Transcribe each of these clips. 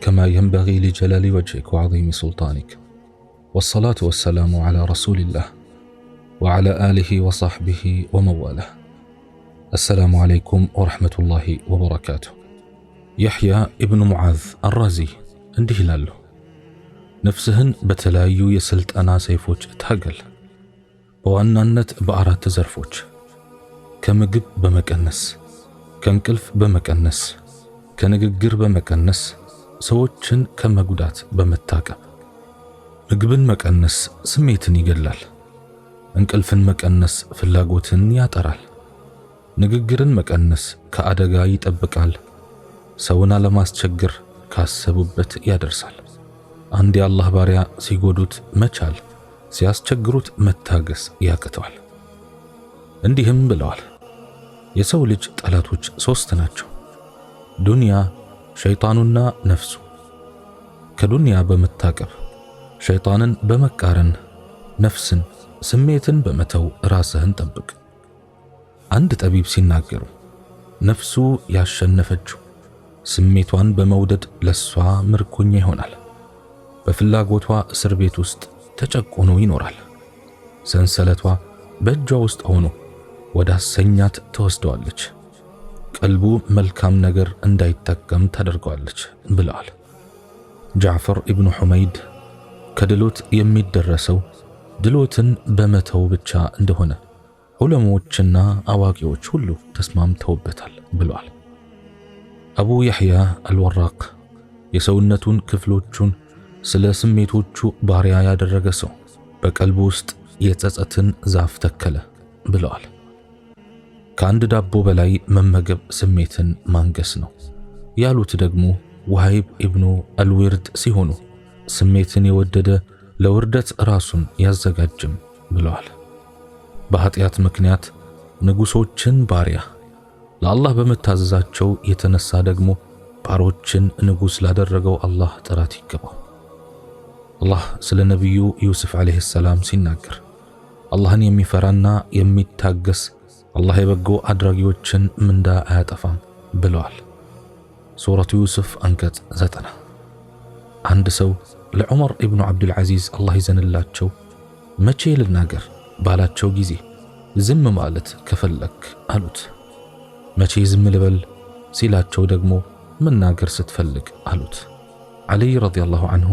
كما ينبغي لجلال وجهك وعظيم سلطانك والصلاة والسلام على رسول الله وعلى آله وصحبه ومواله السلام عليكم ورحمة الله وبركاته يحيى ابن معاذ الرازي نفسهن بتلايو ነፍስህን انا سيفوج تهقل وان በዋናነት በአራት تزرفوج ከምግብ بمكنس ከእንቅልፍ بمكنس كنققر بمكنس ሰዎችን ከመጉዳት በመታቀብ ምግብን መቀነስ ስሜትን ይገላል። እንቅልፍን መቀነስ ፍላጎትን ያጠራል። ንግግርን መቀነስ ከአደጋ ይጠብቃል። ሰውን አለማስቸግር ካሰቡበት ያደርሳል። አንድ የአላህ ባሪያ ሲጎዱት መቻል፣ ሲያስቸግሩት መታገስ ያቅተዋል። እንዲህም ብለዋል፣ የሰው ልጅ ጠላቶች ሶስት ናቸው፦ ዱንያ፣ ሸይጣኑና ነፍሱ ከዱንያ በመታቀብ ሸይጣንን በመቃረን ነፍስን፣ ስሜትን በመተው ራስህን ጠብቅ። አንድ ጠቢብ ሲናገሩ ነፍሱ ያሸነፈችው ስሜቷን በመውደድ ለሷ ምርኮኛ ይሆናል። በፍላጎቷ እስር ቤት ውስጥ ተጨቁኖ ይኖራል። ሰንሰለቷ በእጇ ውስጥ ሆኖ ወደ አሰኛት ትወስደዋለች። ቀልቡ መልካም ነገር እንዳይጠቀም ታደርገዋለች ብለዋል። ጃዕፈር ኢብኑ ሑመይድ ከድሎት የሚደረሰው ድሎትን በመተው ብቻ እንደሆነ ዑለሞችና አዋቂዎች ሁሉ ተስማምተውበታል ብለዋል። አቡ ያሕያ አልወራቅ የሰውነቱን ክፍሎቹን ስለ ስሜቶቹ ባሪያ ያደረገ ሰው በቀልቡ ውስጥ የጸጸትን ዛፍ ተከለ ብለዋል። ከአንድ ዳቦ በላይ መመገብ ስሜትን ማንገስ ነው ያሉት ደግሞ ወሃይብ ኢብኑ አልዊርድ ሲሆኑ ስሜትን የወደደ ለውርደት ራሱን ያዘጋጅም ብለዋል። በኃጢአት ምክንያት ንጉሶችን ባሪያ ለአላህ በመታዘዛቸው የተነሳ ደግሞ ባሮችን ንጉስ ላደረገው አላህ ጥራት ይገባው። አላህ ስለ ነቢዩ ዩስፍ ዓለይሂ ሰላም ሲናገር አላህን የሚፈራና የሚታገስ አላህ የበጎ አድራጊዎችን ምንዳ አያጠፋም ብለዋል። ሱረቱ ዩሱፍ አንቀጽ ዘጠና አንድ ሰው ለዑመር ኢብኑ ዓብዱልዓዚዝ አላህ ይዘንላቸው መቼ ልናገር ባላቸው ጊዜ ዝም ማለት ከፈለክ አሉት። መቼ ዝም ልበል ሲላቸው ደግሞ መናገር ስትፈልግ አሉት። ዓሊይ ረዲያላሁ አንሁ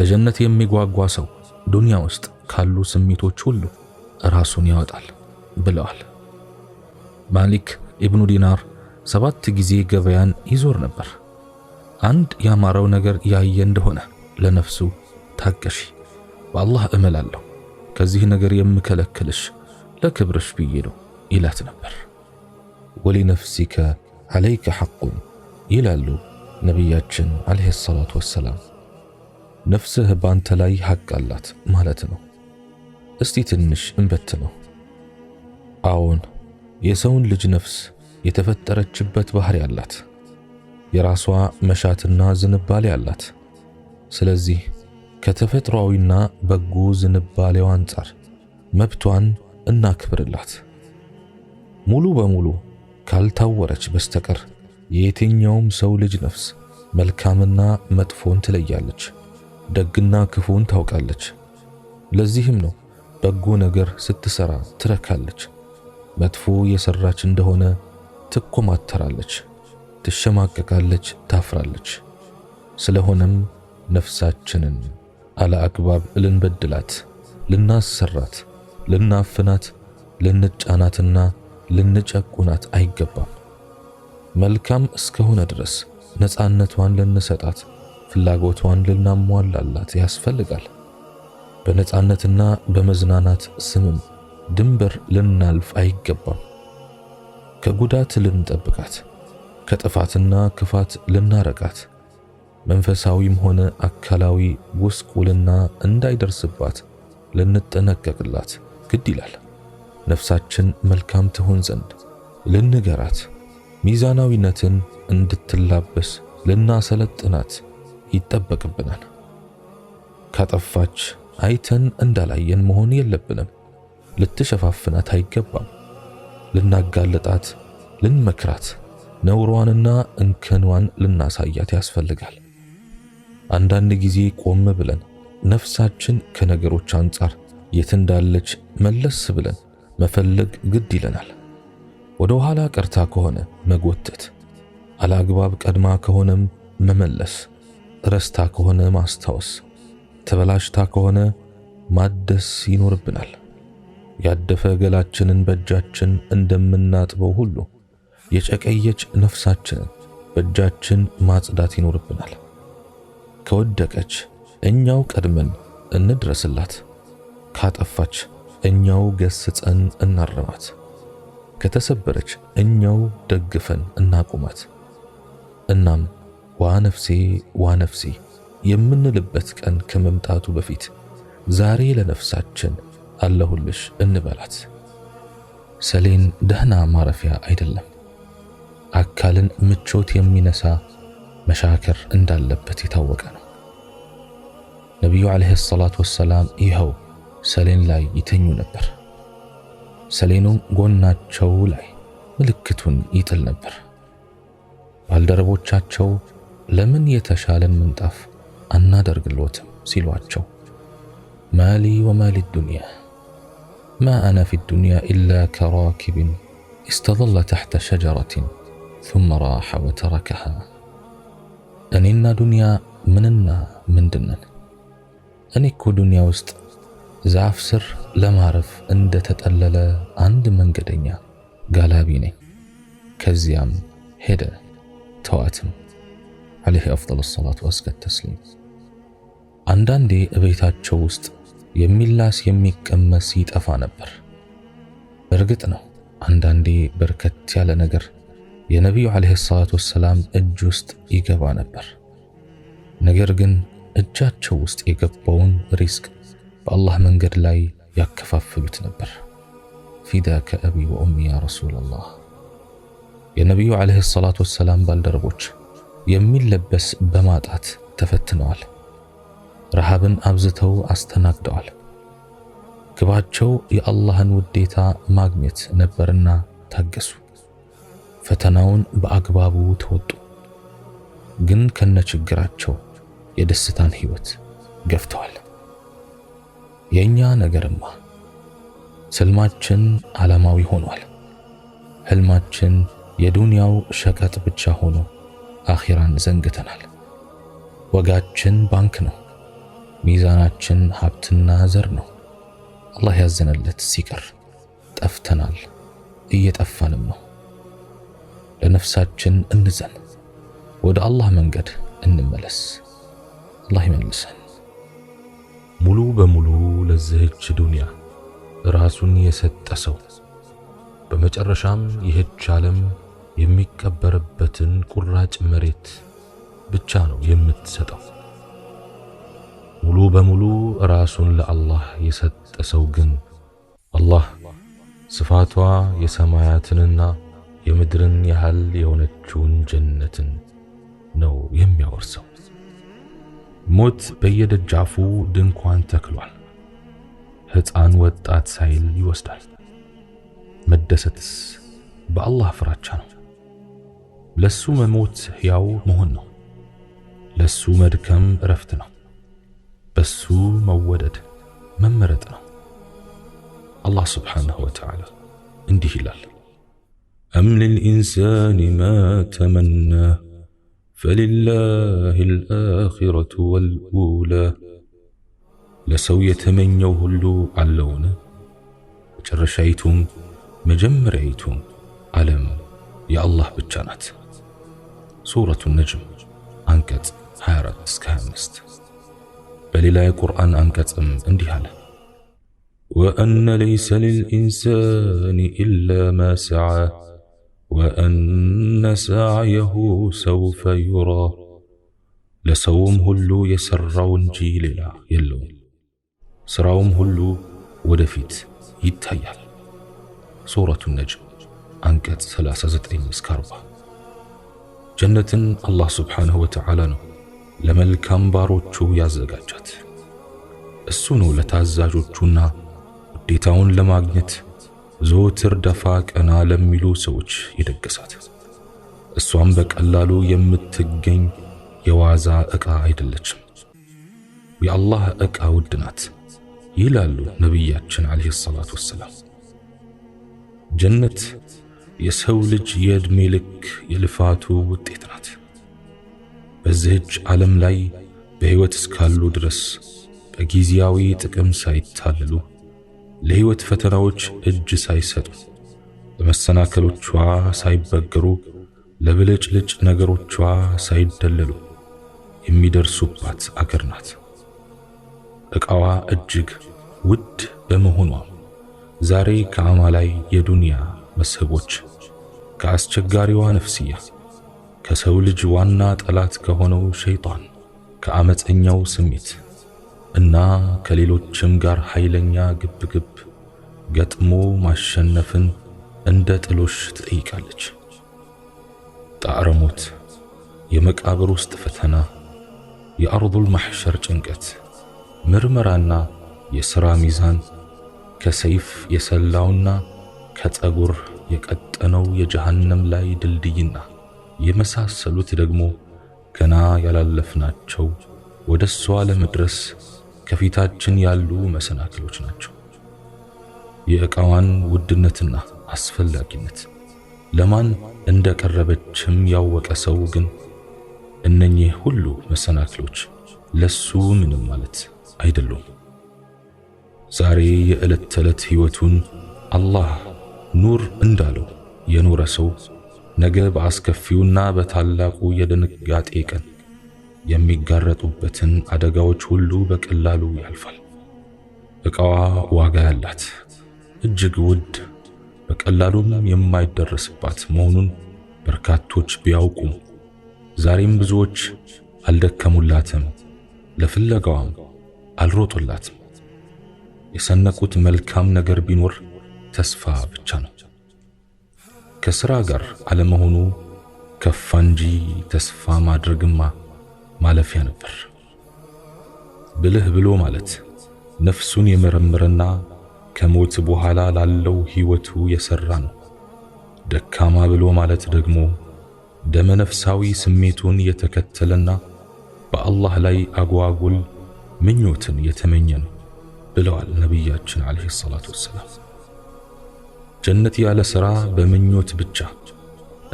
ለጀነት የሚጓጓ ሰው ዱንያ ውስጥ ካሉ ስሜቶች ሁሉ ራሱን ያወጣል ብለዋል። ማሊክ ኢብኑ ዲናር ሰባት ጊዜ ገበያን ይዞር ነበር። አንድ ያማረው ነገር ያየ እንደሆነ ለነፍሱ ታገሺ፣ በአላህ እምላለሁ ከዚህ ነገር የምከለክልሽ ለክብርሽ ብዬ ነው ይላት ነበር። ወሊነፍሲከ ዓለይከ ሐቁን ይላሉ ነቢያችን አለይሂ ሰላቱ ወሰላም። ነፍስህ ባንተ ላይ ሐቅ አላት ማለት ነው። እስቲ ትንሽ እንበት ነው። አዎን የሰውን ልጅ ነፍስ የተፈጠረችበት ባህሪ አላት። የራሷ መሻትና ዝንባሌ አላት። ስለዚህ ከተፈጥሯዊና በጎ ዝንባሌው አንጻር መብቷን እናክብርላት። ሙሉ በሙሉ ካልታወረች በስተቀር የየትኛውም ሰው ልጅ ነፍስ መልካምና መጥፎን ትለያለች፣ ደግና ክፉን ታውቃለች። ለዚህም ነው በጎ ነገር ስትሰራ ትረካለች። መጥፎ የሰራች እንደሆነ ትኮማተራለች፣ ትሸማቀቃለች፣ ታፍራለች። ስለሆነም ነፍሳችንን አለአግባብ ልንበድላት፣ ልናሰራት፣ ልናፍናት፣ ልንጫናትና ልንጨቁናት አይገባም። መልካም እስከሆነ ድረስ ነፃነቷን ልንሰጣት፣ ፍላጎቷን ልናሟላላት ያስፈልጋል። በነፃነትና በመዝናናት ስምም ድንበር ልናልፍ አይገባም። ከጉዳት ልንጠብቃት፣ ከጥፋትና ክፋት ልናረቃት፣ መንፈሳዊም ሆነ አካላዊ ጉስቁልና እንዳይደርስባት ልንጠነቀቅላት ግድ ይላል። ነፍሳችን መልካም ትሆን ዘንድ ልንገራት፣ ሚዛናዊነትን እንድትላበስ ልናሰለጥናት ይጠበቅብናል። ካጠፋች አይተን እንዳላየን መሆን የለብንም። ልትሸፋፍናት አይገባም። ልናጋልጣት፣ ልንመክራት፣ ነውሯንና እንከኗን ልናሳያት ያስፈልጋል። አንዳንድ ጊዜ ቆም ብለን ነፍሳችን ከነገሮች አንጻር የት እንዳለች መለስ ብለን መፈለግ ግድ ይለናል። ወደ ኋላ ቀርታ ከሆነ መጎተት፣ አላግባብ ቀድማ ከሆነም መመለስ፣ ረስታ ከሆነ ማስታወስ፣ ተበላሽታ ከሆነ ማደስ ይኖርብናል። ያደፈ ገላችንን በእጃችን እንደምናጥበው ሁሉ የጨቀየች ነፍሳችንን በእጃችን ማጽዳት ይኖርብናል። ከወደቀች እኛው ቀድመን እንድረስላት፣ ካጠፋች እኛው ገስጸን እናርማት፣ ከተሰበረች እኛው ደግፈን እናቁማት። እናም ዋ ነፍሴ ዋ ነፍሴ የምንልበት ቀን ከመምጣቱ በፊት ዛሬ ለነፍሳችን አለሁልሽ እንበላት። ሰሌን ደህና ማረፊያ አይደለም። አካልን ምቾት የሚነሳ መሻከር እንዳለበት የታወቀ ነው። ነቢዩ ዓለይሂ ሰላቱ ወሰላም ይኸው ሰሌን ላይ ይተኙ ነበር። ሰሌኑም ጎናቸው ላይ ምልክቱን ይጥል ነበር። ባልደረቦቻቸው ለምን የተሻለን ምንጣፍ አናደርግሎትም ሲሏቸው ማሊ ወማሊ ዱንያ ما انا في الدنيا الا كراكب استظل تحت شجره ثم راح وتركها انينا دنيا مننا من دنا انيكو دنيا وست زعف سر لمعرف عند تتألل عند من منقدنيا قالها بيني كزيام هدا تواتم عليه افضل الصلاه واسكى التسليم عندي بيتات شوست የሚላስ የሚቀመስ ይጠፋ ነበር። በእርግጥ ነው አንዳንዴ በርከት ያለ ነገር የነቢዩ ዓለይሂ ሰላቱ ወሰላም እጅ ውስጥ ይገባ ነበር። ነገር ግን እጃቸው ውስጥ የገባውን ሪስክ በአላህ መንገድ ላይ ያከፋፍሉት ነበር። ፊዳከ አቢ ወኡሚ ያ ረሱላላህ። የነቢዩ ዓለይሂ ሰላቱ ወሰላም ባልደረቦች የሚለበስ በማጣት ተፈትነዋል። ረሃብን አብዝተው አስተናግደዋል። ግባቸው የአላህን ውዴታ ማግኘት ነበርና ታገሱ። ፈተናውን በአግባቡ ተወጡ። ግን ከነችግራቸው የደስታን ሕይወት ገፍተዋል። የእኛ ነገርማ ስልማችን ዓላማዊ ሆኗል። ህልማችን የዱንያው ሸቀጥ ብቻ ሆኖ አኺራን ዘንግተናል። ወጋችን ባንክ ነው። ሚዛናችን ሀብትና ዘር ነው። አላህ ያዘነለት ሲቀር ጠፍተናል፣ እየጠፋንም ነው። ለነፍሳችን እንዘን፣ ወደ አላህ መንገድ እንመለስ። አላህ ይመልሰን። ሙሉ በሙሉ ለዚህች ዱንያ ራሱን የሰጠ ሰው በመጨረሻም ይህች ዓለም የሚቀበርበትን ቁራጭ መሬት ብቻ ነው የምትሰጠው። ሙሉ በሙሉ ራሱን ለአላህ የሰጠ ሰው ግን አላህ ስፋቷ የሰማያትንና የምድርን ያህል የሆነችውን ጀነትን ነው የሚያወርሰው። ሞት በየደጃፉ ድንኳን ተክሏል። ሕፃን ወጣት ሳይል ይወስዳል። መደሰትስ በአላህ ፍራቻ ነው። ለሱ መሞት ሕያው መሆን ነው። ለሱ መድከም እረፍት ነው። በሱ መወደድ መመረጥ ነው። አላህ ስብሓንሁ ወተዓላ እንዲህ ይላል፣ أم للإنسان ما تمنى فلله الآخرة والأولى ለሰው የተመኘው ሁሉ አለውን? መጨረሻይቱም መጀመሪያይቱም ዓለም የአላህ ብቻ ናት። ሱረቱ ነጅም አንቀጽ 24 እስከ 25 በሌላ የቁርአን አንቀጽም እንዲህ አለ ወአነ ለይሰ ልልኢንሳን ኢላ ማ ሰዓ ወአነ ሳዓየሁ ሰውፈ ዩራ ለሰውም ሁሉ የሠራው እንጂ ሌላ የለውም ሥራውም ሁሉ ወደፊት ይታያል ሱረቱ ነጅም አንቀጽ 39 እስከ 40 ጀነትን አላህ ስብሓንሁ ወተዓላ ነው ለመልካም ባሮቹ ያዘጋጃት። እሱ ነው ለታዛዦቹና ውዴታውን ለማግኘት ዘወትር ደፋ ቀና ለሚሉ ሰዎች ይደገሳት። እሷም በቀላሉ የምትገኝ የዋዛ ዕቃ አይደለችም። የአላህ ዕቃ ውድ ናት ይላሉ ነቢያችን ዓለይሂ ሰላቱ ወሰላም። ጀነት የሰው ልጅ የዕድሜ ልክ የልፋቱ ውጤት ናት። በዚህች ዓለም ላይ በሕይወት እስካሉ ድረስ በጊዜያዊ ጥቅም ሳይታለሉ ለሕይወት ፈተናዎች እጅ ሳይሰጡ በመሰናከሎቿ ሳይበገሩ ለብልጭልጭ ነገሮቿ ሳይደለሉ የሚደርሱባት አገር ናት። ዕቃዋ እጅግ ውድ በመሆኗ ዛሬ ከአማላይ የዱንያ መስህቦች ከአስቸጋሪዋ ነፍስያ ከሰው ልጅ ዋና ጠላት ከሆነው ሸይጣን፣ ከአመፀኛው ስሜት እና ከሌሎችም ጋር ኃይለኛ ግብግብ ገጥሞ ማሸነፍን እንደ ጥሎሽ ትጠይቃለች። ጣዕረ ሞት፣ የመቃብር ውስጥ ፈተና፣ የአርዱል ማሕሸር ጭንቀት፣ ምርመራና የሥራ ሚዛን፣ ከሰይፍ የሰላውና ከፀጉር የቀጠነው የጀሃነም ላይ ድልድይና የመሳሰሉት ደግሞ ገና ያላለፍናቸው ወደ እሷ ለመድረስ ከፊታችን ያሉ መሰናክሎች ናቸው። የእቃዋን ውድነትና አስፈላጊነት ለማን እንደቀረበችም ያወቀ ሰው ግን እነኚህ ሁሉ መሰናክሎች ለሱ ምንም ማለት አይደሉም። ዛሬ የዕለት ተዕለት ሕይወቱን አላህ ኑር እንዳለው የኖረ ሰው ነገ በአስከፊውና በታላቁ የድንጋጤ ቀን የሚጋረጡበትን አደጋዎች ሁሉ በቀላሉ ያልፋል። እቃዋ ዋጋ ያላት እጅግ ውድ በቀላሉም የማይደረስባት መሆኑን በርካቶች ቢያውቁም ዛሬም ብዙዎች አልደከሙላትም፣ ለፍለጋዋም አልሮጡላትም። የሰነቁት መልካም ነገር ቢኖር ተስፋ ብቻ ነው። ከስራ ጋር አለመሆኑ ከፋ እንጂ ተስፋ ማድረግማ ማለፊያ ነበር። ብልህ ብሎ ማለት ነፍሱን የመረመረና ከሞት በኋላ ላለው ሕይወቱ የሰራ ነው። ደካማ ብሎ ማለት ደግሞ ደመነፍሳዊ ስሜቱን የተከተለና በአላህ ላይ አጓጉል ምኞትን የተመኘ ነው ብለዋል ነቢያችን ዓለይሂ ሰላቱ ወሰላም። ጀነት ያለ ሥራ በምኞት ብቻ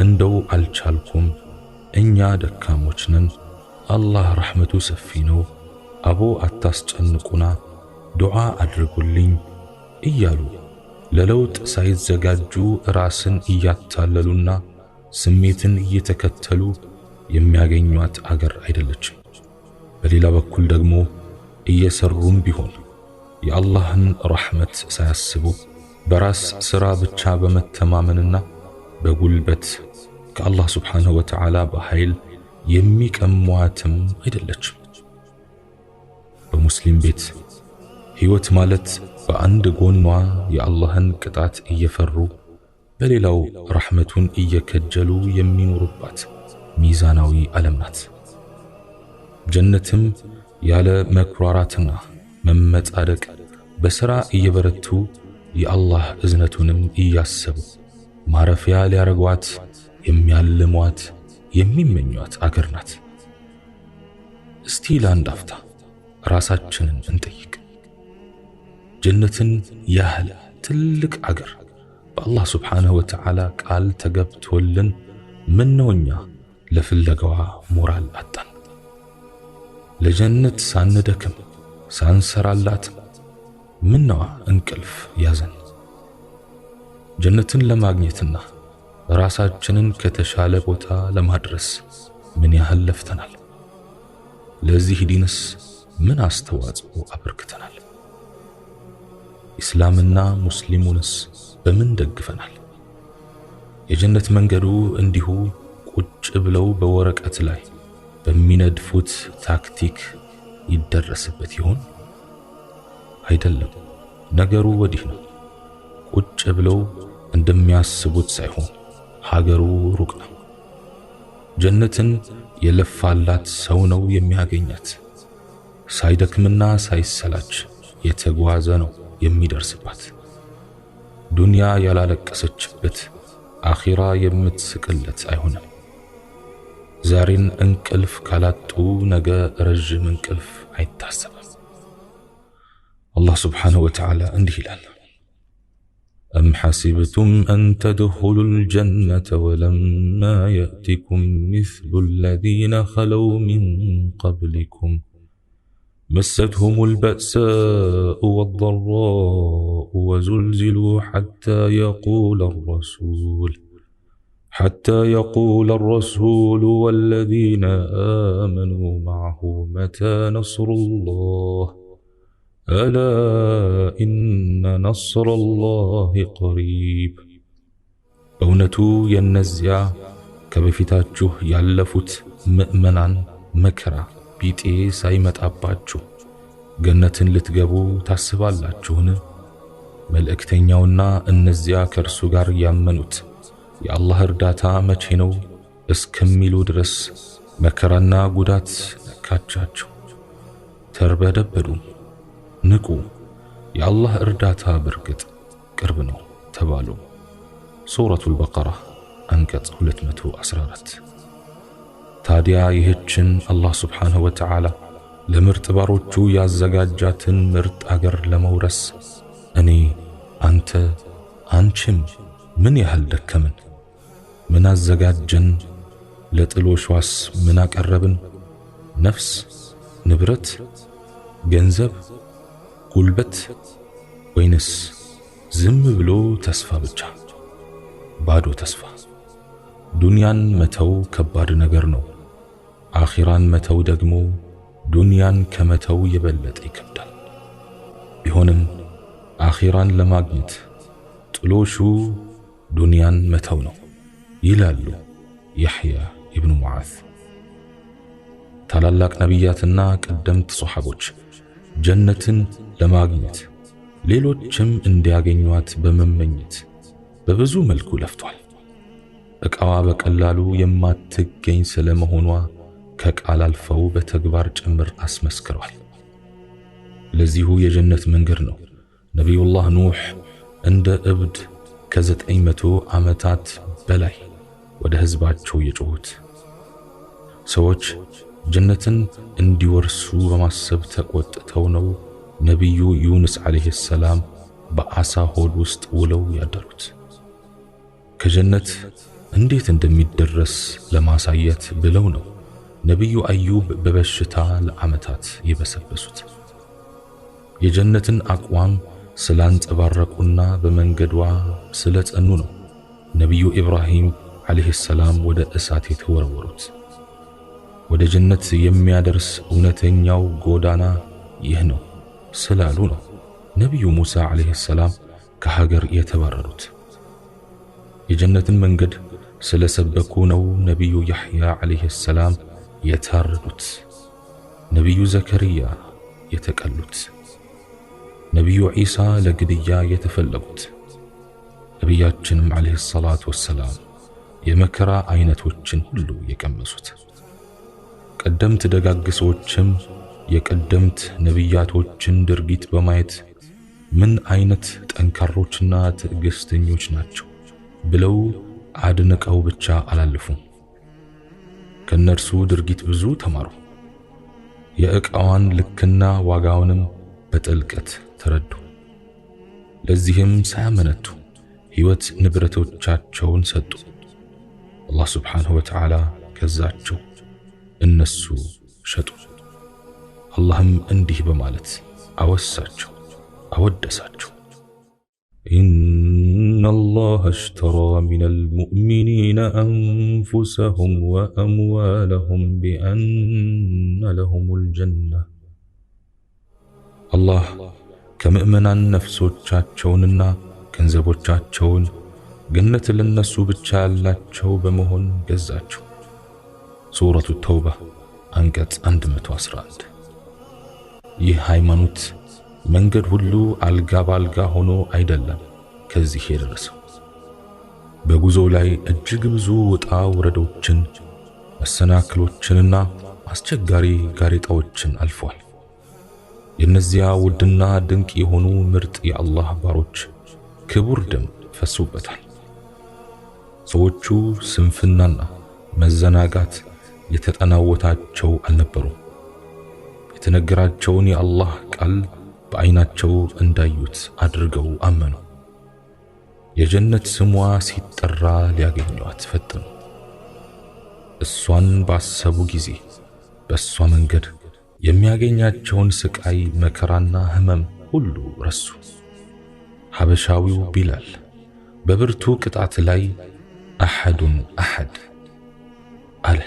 እንደው አልቻልኩም፣ እኛ ደካሞች ነን፣ አላህ ረሕመቱ ሰፊ ነው፣ አቦ አታስጨንቁና ዱዓ አድርጉልኝ እያሉ ለለውጥ ሳይዘጋጁ ራስን እያታለሉና ስሜትን እየተከተሉ የሚያገኟት አገር አይደለችም። በሌላ በኩል ደግሞ እየሰሩም ቢሆን የአላህን ረሕመት ሳያስቡ በራስ ስራ ብቻ በመተማመንና በጉልበት ከአላህ ስብሓንሁ ወተዓላ በኃይል የሚቀሟትም አይደለችም። በሙስሊም ቤት ሕይወት ማለት በአንድ ጎኗ የአላህን ቅጣት እየፈሩ በሌላው ረሕመቱን እየከጀሉ የሚኖሩባት ሚዛናዊ ዓለም ናት። ጀነትም ያለ መኩራራትና መመጻደቅ በሥራ እየበረቱ የአላህ እዝነቱንም እያሰቡ ማረፊያ ሊያረጓት የሚያልሟት የሚመኟት አገር ናት። እስቲ ለአንድ አፍታ ራሳችንን እንጠይቅ። ጀነትን ያህል ትልቅ አገር በአላህ ስብሓንሁ ወተዓላ ቃል ተገብቶልን ምነው እኛ ለፍለጋዋ ሞራል አጣን? ለጀነት ሳንደክም ሳንሰራላትም ምነዋ እንቅልፍ ያዘን። ጀነትን ለማግኘትና ራሳችንን ከተሻለ ቦታ ለማድረስ ምን ያህል ለፍተናል? ለዚህ ዲንስ ምን አስተዋጽኦ አበርክተናል? ኢስላምና ሙስሊሙንስ በምን ደግፈናል? የጀነት መንገዱ እንዲሁ ቁጭ ብለው በወረቀት ላይ በሚነድፉት ታክቲክ ይደረስበት ይሆን? አይደለም። ነገሩ ወዲህ ነው። ቁጭ ብለው እንደሚያስቡት ሳይሆን ሀገሩ ሩቅ ነው። ጀነትን የለፋላት ሰው ነው የሚያገኛት። ሳይደክምና ሳይሰላች የተጓዘ ነው የሚደርስባት። ዱንያ ያላለቀሰችበት አኺራ የምትስቅለት አይሆንም። ዛሬን እንቅልፍ ካላጡ ነገ ረዥም እንቅልፍ አይታሰብም። الله سبحانه وتعالى عنده الآن أم حسبتم أن تدخلوا الجنة ولما يأتكم مثل الذين خلوا من قبلكم مستهم البأساء والضراء وزلزلوا حتى يقول الرسول حتى يقول الرسول والذين آمنوا معه متى نصر الله ؟ ألا إن ነስረ ላህ ቀሪብ። በእውነቱ የእነዚያ ከበፊታችሁ ያለፉት ምእመናን መከራ ቢጤ ሳይመጣባችሁ ገነትን ልትገቡ ታስባላችሁን? መልእክተኛውና እነዚያ ከእርሱ ጋር ያመኑት የአላህ እርዳታ መቼ ነው እስከሚሉ ድረስ መከራና ጉዳት ነካቻቸው፣ ተርበደበዱ። ንቁ፣ የአላህ እርዳታ በርግጥ ቅርብ ነው ተባሉ። ሱረቱል በቀራ አንቀጽ 214። ታዲያ ይህችን አላህ ሱብሓነሁ ወተዓላ ለምርጥ ባሮቹ ያዘጋጃትን ምርጥ አገር ለመውረስ እኔ፣ አንተ፣ አንቺም ምን ያህል ደከምን? ምን አዘጋጀን? ለጥሎሿስ ምን አቀረብን? ነፍስ፣ ንብረት፣ ገንዘብ ጉልበት ወይንስ ዝም ብሎ ተስፋ ብቻ? ባዶ ተስፋ። ዱንያን መተው ከባድ ነገር ነው። አኺራን መተው ደግሞ ዱንያን ከመተው የበለጠ ይከብዳል። ቢሆንም አኺራን ለማግኘት ጥሎሹ ዱንያን መተው ነው ይላሉ ያሕያ ኢብኑ ሙዓዝ። ታላላቅ ነቢያትና ቀደምት ሶሓቦች ጀነትን ለማግኘት ሌሎችም እንዲያገኟት በመመኘት በብዙ መልኩ ለፍቷል። እቃዋ በቀላሉ የማትገኝ ስለመሆኗ ከቃል አልፈው በተግባር ጭምር አስመስክሯል። ለዚሁ የጀነት መንገድ ነው ነቢዩላህ ኑህ እንደ እብድ ከዘጠኝ መቶ ዓመታት በላይ ወደ ሕዝባቸው የጮሁት። ሰዎች ጀነትን እንዲወርሱ በማሰብ ተቆጥተው ነው ነቢዩ ዩንስ ዓለይሂ ሰላም በአሳ ሆድ ውስጥ ውለው ያደሩት። ከጀነት እንዴት እንደሚደረስ ለማሳየት ብለው ነው ነቢዩ አዩብ በበሽታ ለዓመታት የበሰበሱት። የጀነትን አቋም ስላንጸባረቁና በመንገዷ ስለጸኑ ነው ነቢዩ ኢብራሂም ዓለይሂ ሰላም ወደ እሳት የተወረወሩት። ወደ ጀነት የሚያደርስ እውነተኛው ጎዳና ይህ ነው። سلالونا نبي موسى عليه السلام كهاجر يتبررت يجنة منقد سلسبكونو نبي يحيى عليه السلام يتهررت نبي زكريا يتكلت نبي عيسى لقديا يتفلقت نبياتشن عليه الصلاة والسلام يمكرا عينة وجن هلو يكمسوت قدمت دقاق سوتشم የቀደምት ነቢያቶችን ድርጊት በማየት ምን አይነት ጠንካሮችና ትዕግስተኞች ናቸው ብለው አድንቀው ብቻ አላለፉም። ከነርሱ ድርጊት ብዙ ተማሩ። የእቃዋን ልክና ዋጋውንም በጥልቀት ተረዱ። ለዚህም ሳያመነቱ ሕይወት ንብረቶቻቸውን ሰጡ። አላህ ሱብሓነሁ ወተዓላ ገዛቸው፣ እነሱ ሸጡ። አላህም እንዲህ በማለት አወሳቸው አወደሳቸው إن الله اشترى من المؤمنين أنفسهم وأموالهم بأن لهم الجنة الله ከምእመናን ነፍሶቻቸውንና ገንዘቦቻቸውን ገነት ለነሱ ብቻ ያላቸው በመሆን ገዛቸው። ሱረቱ ተውባ አንቀጽ 111 ይህ ሃይማኖት መንገድ ሁሉ አልጋ ባልጋ ሆኖ አይደለም ከዚህ የደረሰው። በጉዞ ላይ እጅግ ብዙ ውጣ ውረዶችን፣ መሰናክሎችንና አስቸጋሪ ጋሬጣዎችን አልፏል። የእነዚያ ውድና ድንቅ የሆኑ ምርጥ የአላህ ባሮች ክቡር ደም ፈሶበታል። ሰዎቹ ስንፍናና መዘናጋት የተጠናወታቸው አልነበሩም። የተነገራቸውን የአላህ ቃል በዐይናቸው እንዳዩት አድርገው አመኑ። የጀነት ስሟ ሲጠራ ሊያገኟት ፈጥኑ። እሷን ባሰቡ ጊዜ በእሷ መንገድ የሚያገኛቸውን ስቃይ መከራና ህመም ሁሉ ረሱ። ሐበሻዊው ቢላል በብርቱ ቅጣት ላይ አሐዱን አሐድ አለ።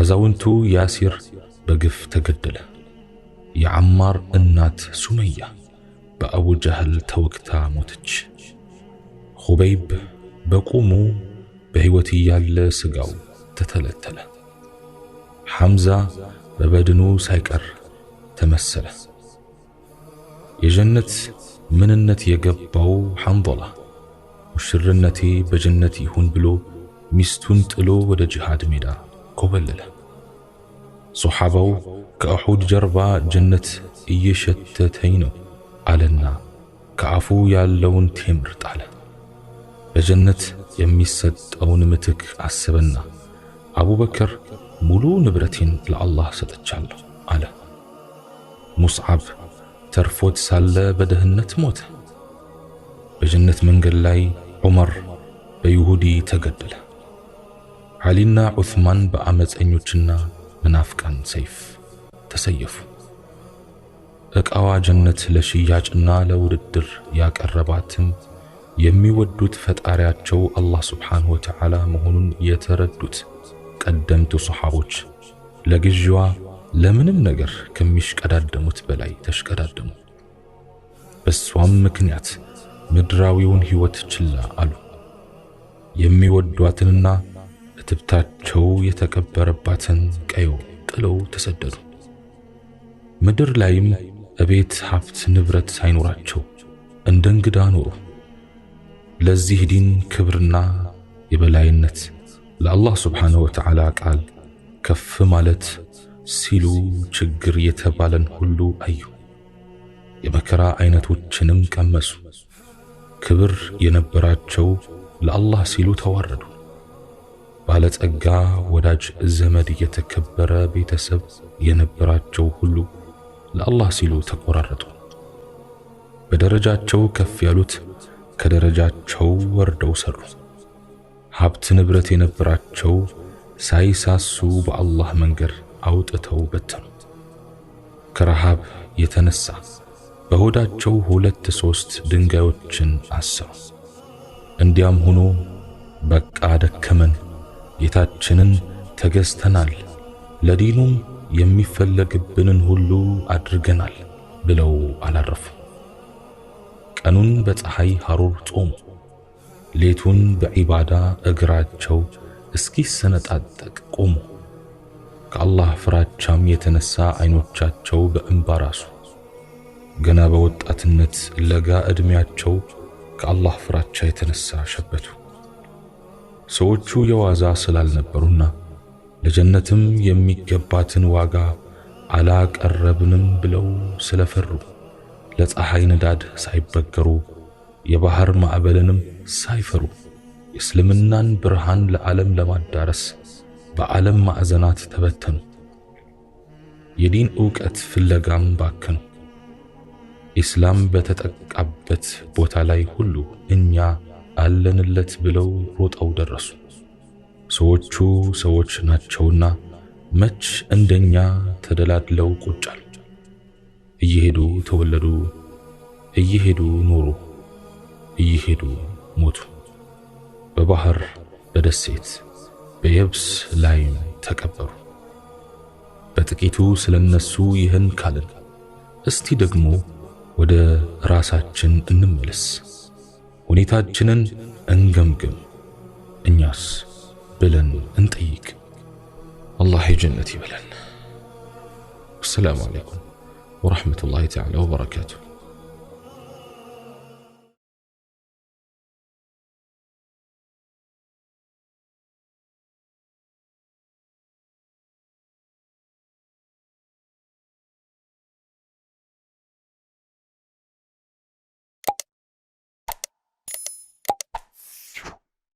አዛውንቱ ያሲር በግፍ ተገደለ። የአማር እናት ሱመያ በአቡ ጀህል ተወግታ ሞተች። ኹበይብ በቁሙ በሕይወት እያለ ሥጋው ተተለተለ። ሐምዛ በበድኑ ሳይቀር ተመሰለ። የጀነት ምንነት የገባው ሐንዶላ ሙሽርነቴ በጀነት ይሁን ብሎ ሚስቱን ጥሎ ወደ ጂሃድ ሜዳ ኮበለለ። ሶሓባው ከኡሑድ ጀርባ ጀነት እየሸተተኝ ነው አለና ከአፉ ያለውን ቴምር ጣለ። በጀነት የሚሰጠውን ምትክ አስበና አቡበክር ሙሉ ንብረቴን ለአላህ ሰጥቻለሁ አለ። ሙስዓብ ተርፎት ሳለ በደህንነት ሞተ። በጀነት መንገድ ላይ ዑመር በይሁዲ ተገደለ። ዓሊና ዑስማን በአመፀኞችና በናፍቃን ሰይፍ ተሰየፉ። ዕቃዋ ጀነት ለሽያጭና ለውድድር ያቀረባትም የሚወዱት ፈጣሪያቸው አላህ ስብሓንሁ ወተዓላ መሆኑን የተረዱት ቀደምቱ ሰሓቦች ለግዢዋ ለምንም ነገር ከሚሽቀዳደሙት በላይ ተሽቀዳደሙ። በሷም ምክንያት ምድራዊውን ሕይወት ችላ አሉ። የሚወዷትንና ትብታቸው የተቀበረባትን ቀዮ ጥለው ተሰደዱ። ምድር ላይም እቤት፣ ሀብት፣ ንብረት ሳይኖራቸው እንደ እንግዳ ኖሩ። ለዚህ ዲን ክብርና የበላይነት ለአላህ ስብሓንሁ ወተዓላ ቃል ከፍ ማለት ሲሉ ችግር የተባለን ሁሉ አዩ። የመከራ አይነቶችንም ቀመሱ። ክብር የነበራቸው ለአላህ ሲሉ ተዋረዱ። ባለጸጋ ወዳጅ፣ ዘመድ፣ የተከበረ ቤተሰብ የነበራቸው ሁሉ ለአላህ ሲሉ ተቆራረጡ። በደረጃቸው ከፍ ያሉት ከደረጃቸው ወርደው ሰሩ። ሀብት ንብረት የነበራቸው ሳይሳሱ በአላህ መንገድ አውጥተው በተኑ። ከረሃብ የተነሳ በሆዳቸው ሁለት ሶስት ድንጋዮችን አሰሩ። እንዲያም ሆኖ በቃ ደከመን ጌታችንን ተገዝተናል፣ ለዲኑም የሚፈለግብንን ሁሉ አድርገናል ብለው አላረፉም። ቀኑን በፀሐይ ሐሩር ጾሙ፣ ሌቱን በዒባዳ እግራቸው እስኪሰነጣጠቅ ቆሙ። ከአላህ ፍራቻም የተነሳ አይኖቻቸው በእንባ ራሱ። ገና በወጣትነት ለጋ ዕድሜያቸው ከአላህ ፍራቻ የተነሳ ሸበቱ። ሰዎቹ የዋዛ ስላልነበሩና ለጀነትም የሚገባትን ዋጋ አላቀረብንም ብለው ስለፈሩ ለፀሐይ ንዳድ ሳይበገሩ የባህር ማዕበልንም ሳይፈሩ የእስልምናን ብርሃን ለዓለም ለማዳረስ በዓለም ማዕዘናት ተበተኑ። የዲን ዕውቀት ፍለጋም ባከኑ። ኢስላም በተጠቃበት ቦታ ላይ ሁሉ እኛ አለንለት ብለው ሮጠው ደረሱ። ሰዎቹ ሰዎች ናቸውና መች እንደኛ ተደላድለው ቁጫል። እየሄዱ ተወለዱ፣ እየሄዱ ኖሩ፣ እየሄዱ ሞቱ። በባህር በደሴት በየብስ ላይም ተቀበሩ። በጥቂቱ ስለነሱ ይህን ካልን እስቲ ደግሞ ወደ ራሳችን እንመለስ። ሁኔታችንን እንገምግም፣ እኛስ ብለን እንጠይቅ። አላህ የጀነት ይበለን። አሰላሙ አለይኩም ወረሕመቱላሂ ተዓላ ወበረካቱሁ።